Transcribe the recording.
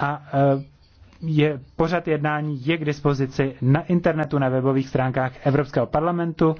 a eh, je, pořad jednání je k dispozici na internetu na webových stránkách Evropského parlamentu.